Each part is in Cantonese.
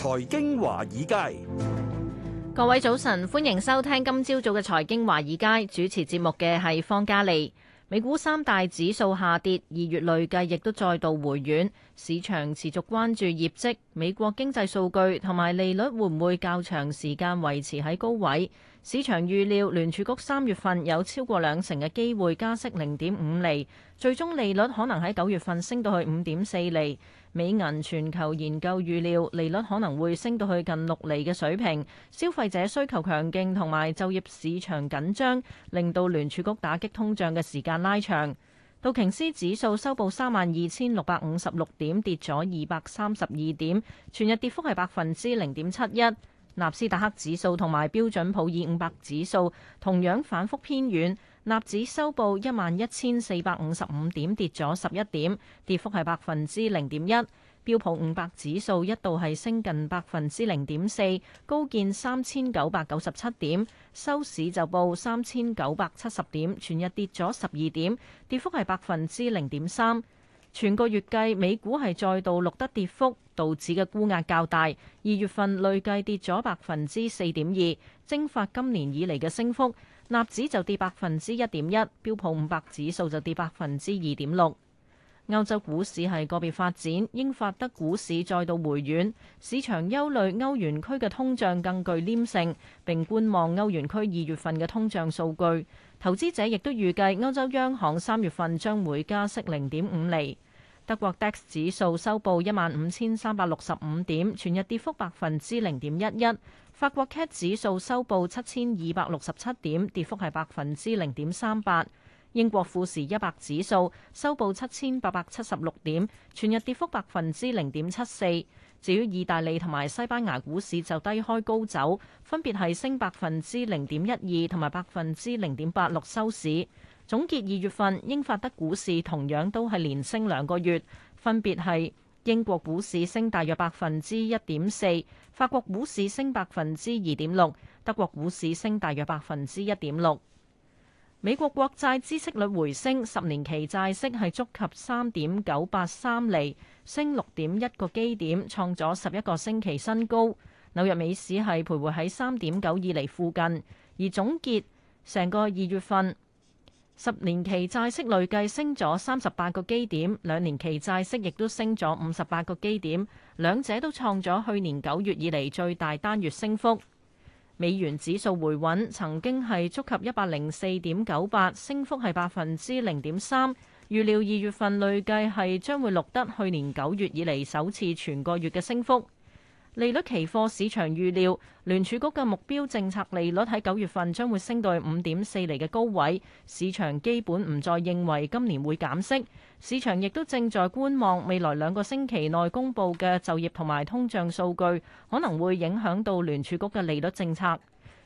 財經華爾街，各位早晨，歡迎收聽今朝早嘅財經華爾街。主持節目嘅係方嘉利。美股三大指數下跌，二月累計亦都再度回軟，市場持續關注業績、美國經濟數據同埋利率會唔會較長時間維持喺高位。市場預料聯儲局三月份有超過兩成嘅機會加息零點五厘，最終利率可能喺九月份升到去五點四厘。美銀全球研究預料利率可能會升到去近六厘嘅水平，消費者需求強勁同埋就業市場緊張，令到聯儲局打擊通脹嘅時間拉長。道瓊斯指數收報三萬二千六百五十六點，跌咗二百三十二點，全日跌幅係百分之零點七一。納斯達克指數同埋標準普爾五百指數同樣反覆偏軟。納指收報一萬一千四百五十五點，跌咗十一點，跌幅係百分之零點一。標普五百指數一度係升近百分之零點四，高見三千九百九十七點，收市就報三千九百七十點，全日跌咗十二點，跌幅係百分之零點三。全個月計，美股係再度錄得跌幅，導致嘅沽壓較大。二月份累計跌咗百分之四點二，蒸發今年以嚟嘅升幅。納指就跌百分之一點一，標普五百指數就跌百分之二點六。歐洲股市係個別發展，英法德股市再度回軟，市場憂慮歐元區嘅通脹更具黏性，並觀望歐元區二月份嘅通脹數據。投資者亦都預計歐洲央行三月份將會加息零點五厘。德國 DAX 指數收報一萬五千三百六十五點，全日跌幅百分之零點一一。法國 CAC 指數收報七千二百六十七點，跌幅係百分之零點三八。英國富時一百指數收報七千八百七十六點，全日跌幅百分之零點七四。至於意大利同埋西班牙股市就低開高走，分別係升百分之零點一二同埋百分之零點八六收市。總結二月份英法德股市同樣都係連升兩個月，分別係。英國股市升大約百分之一點四，法國股市升百分之二點六，德國股市升大約百分之一點六。美國國債孳息率回升，十年期債息係觸及三點九八三厘，升六點一個基點，創咗十一個星期新高。紐約美市係徘徊喺三點九二厘附近，而總結成個二月份。十年期債息累計升咗三十八個基點，兩年期債息亦都升咗五十八個基點，兩者都創咗去年九月以嚟最大單月升幅。美元指數回穩，曾經係觸及一百零四點九八，升幅係百分之零點三。預料二月份累計係將會錄得去年九月以嚟首次全個月嘅升幅。利率期貨市場預料聯儲局嘅目標政策利率喺九月份將會升到五點四厘嘅高位，市場基本唔再認為今年會減息。市場亦都正在觀望未來兩個星期內公布嘅就業同埋通脹數據，可能會影響到聯儲局嘅利率政策。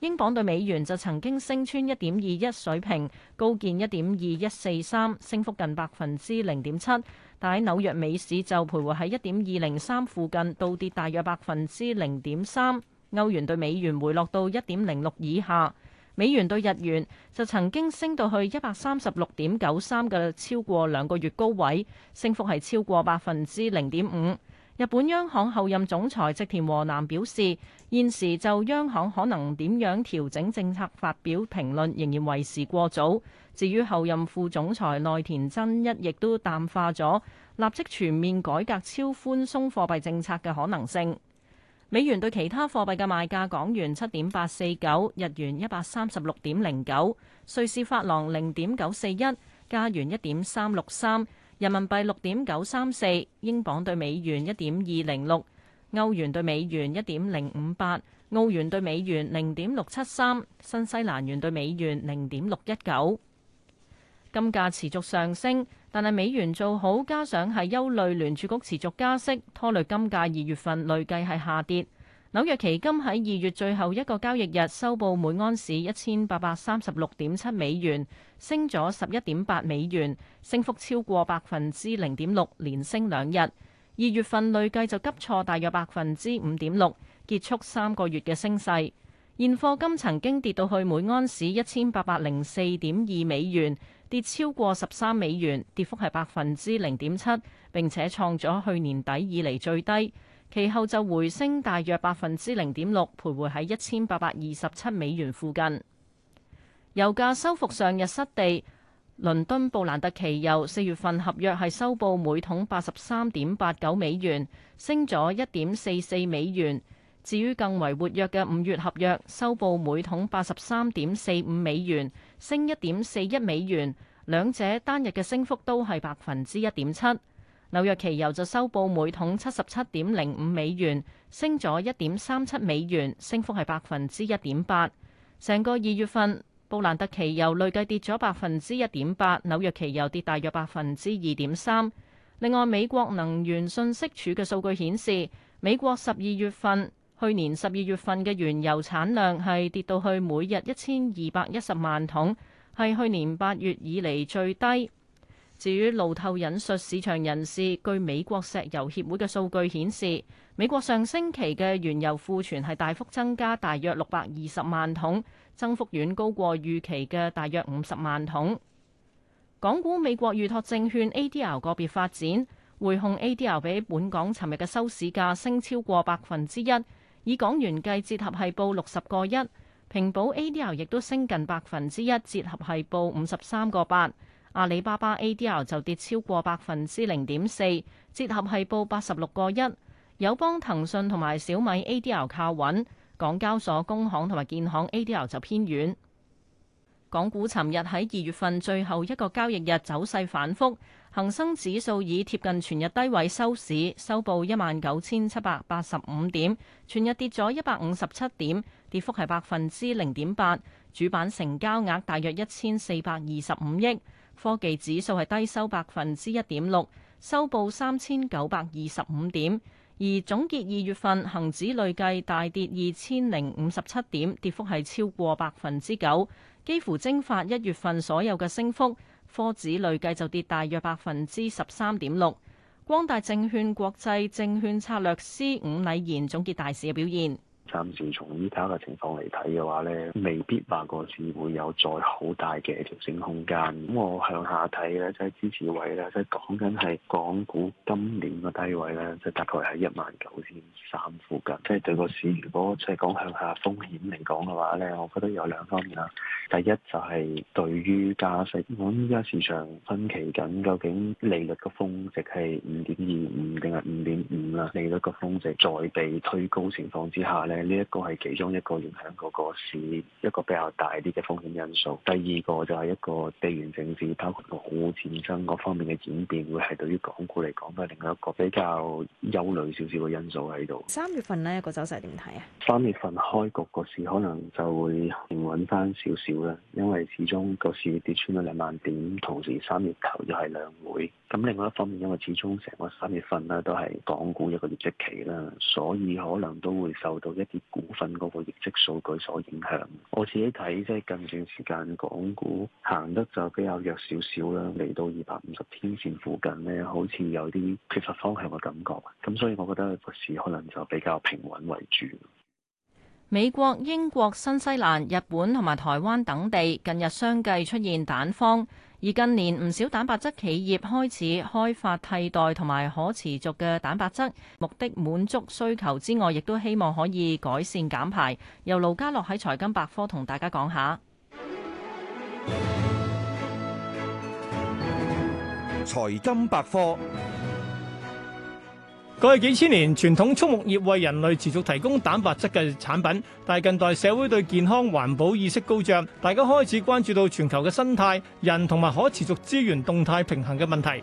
英鎊對美元就曾經升穿一點二一水平，高見一點二一四三升幅近百分之零點七。但喺紐約美市就徘徊喺一點二零三附近，倒跌大約百分之零點三。歐元對美元回落到一點零六以下。美元對日元就曾經升到去一百三十六點九三嘅超過兩個月高位，升幅係超過百分之零點五。日本央行候任總裁植田和男表示，現時就央行可能點樣調整政策發表評論仍然為時過早。至於候任副總裁內田真一，亦都淡化咗立即全面改革超寬鬆貨幣政策嘅可能性。美元對其他貨幣嘅賣價：港元七點八四九，日元一百三十六點零九，瑞士法郎零點九四一，加元一點三六三。人民幣六點九三四，英鎊對美元一點二零六，歐元對美元一點零五八，澳元對美元零點六七三，新西蘭元對美元零點六一九。金價持續上升，但係美元做好，加上係憂慮聯儲局持續加息，拖累金價。二月份累計係下跌。紐約期金喺二月最後一個交易日收報每安士一千八百三十六點七美元，升咗十一點八美元，升幅超過百分之零點六，連升兩日。二月份累計就急挫大約百分之五點六，結束三個月嘅升勢。現貨金曾經跌到去每安士一千八百零四點二美元，跌超過十三美元，跌幅係百分之零點七，並且創咗去年底以嚟最低。其後就回升大約百分之零點六，徘徊喺一千八百二十七美元附近。油價收復上日失地，倫敦布蘭特期油四月份合約係收報每桶八十三點八九美元，升咗一點四四美元。至於更為活躍嘅五月合約，收報每桶八十三點四五美元，升一點四一美元。兩者單日嘅升幅都係百分之一點七。紐約期油就收報每桶七十七點零五美元，升咗一點三七美元，升幅係百分之一點八。成個二月份，布蘭特期油累計跌咗百分之一點八，紐約期油跌大約百分之二點三。另外，美國能源信息署嘅數據顯示，美國十二月份、去年十二月份嘅原油產量係跌到去每日一千二百一十萬桶，係去年八月以嚟最低。至於路透引述市場人士，據美國石油協會嘅數據顯示，美國上星期嘅原油庫存係大幅增加，大約六百二十萬桶，增幅遠高過預期嘅大約五十萬桶。港股美國預託證券 ADR 個別發展，匯控 ADR 比本港尋日嘅收市價升超過百分之一，以港元計折合係報六十個一；平保 ADR 亦都升近百分之一，折合係報五十三個八。阿里巴巴 A.D.L 就跌超過百分之零點四，折合係報八十六個一。友邦、騰訊同埋小米 A.D.L 靠穩，港交所、工行同埋建行 A.D.L 就偏遠，港股尋日喺二月份最後一個交易日走勢反覆，恒生指數已貼近全日低位收市，收報一萬九千七百八十五點，全日跌咗一百五十七點，跌幅係百分之零點八。主板成交額大約一千四百二十五億。科技指數係低收百分之一點六，收報三千九百二十五點。而總結二月份恒指累計大跌二千零五十七點，跌幅係超過百分之九，幾乎蒸發一月份所有嘅升幅。科指累計就跌大約百分之十三點六。光大證券國際證券策略師伍禮賢總結大市嘅表現。暫時從依家嘅情況嚟睇嘅話咧，未必話個市會有再好大嘅調整空間。咁我向下睇咧，即係支持位咧，即係講緊係港股今年嘅低位咧，即係大概喺一萬九千三附近。即係對個市，如果即係講向下風險嚟講嘅話呢，我覺得有兩方面啦。第一就係對於加息，我依家市場分歧緊，究竟利率嘅峰值係五點二五定係五點五啦？利率嘅峰值再被推高情況之下咧，誒，呢一個係其中一個影響嗰個市一個比較大啲嘅風險因素。第二個就係一個地緣政治，包括俄烏戰爭各方面嘅演變，會係對於港股嚟講都係另外一個比較憂慮少少嘅因素喺度。三月份呢個走勢點睇啊？三月份開局，局個市可能就會平穩翻少少啦，因為始終個市跌穿咗兩萬點，同時三月頭又係兩會。咁另外一方面，因為始終成個三月份咧都係港股一個業績期啦，所以可能都會受到一啲股份嗰個業績數據所影響。我自己睇即係近段時間，港股行得就比較弱少少啦，嚟到二百五十天線附近咧，好似有啲缺乏方向嘅感覺。咁所以我覺得個市可能就比較平穩為主。美國、英國、新西蘭、日本同埋台灣等地近日相繼出現蛋荒，而近年唔少蛋白質企業開始開發替代同埋可持續嘅蛋白質，目的滿足需求之外，亦都希望可以改善減排。由盧家樂喺財金百科同大家講下。財金百科。過去幾千年，傳統畜牧業為人類持續提供蛋白質嘅產品，但係近代社會對健康、環保意識高漲，大家開始關注到全球嘅生態、人同埋可持續資源動態平衡嘅問題。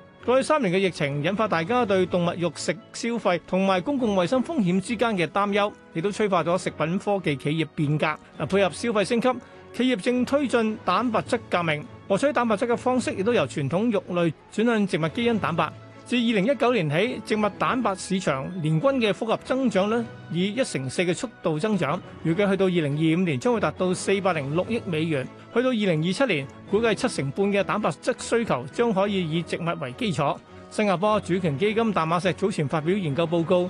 過去三年嘅疫情，引發大家對動物肉食消費同埋公共衛生風險之間嘅擔憂，亦都催化咗食品科技企業變革。嗱，配合消費升級，企業正推進蛋白質革命，獲取蛋白質嘅方式亦都由傳統肉類轉向植物基因蛋白。自二零一九年起，植物蛋白市場年均嘅複合增長咧，以一成四嘅速度增長。預計去到二零二五年將會達到四百零六億美元，去到二零二七年，估計七成半嘅蛋白質需求將可以以植物為基礎。新加坡主權基金淡馬錫早前發表研究報告。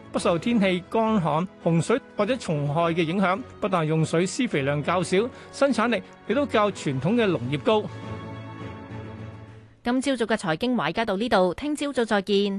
不受天氣乾旱，洪水或者蟲害嘅影響，不但用水、施肥量較少，生產力亦都較傳統嘅農業高。今朝早嘅財經華爾街到呢度，聽朝早再見。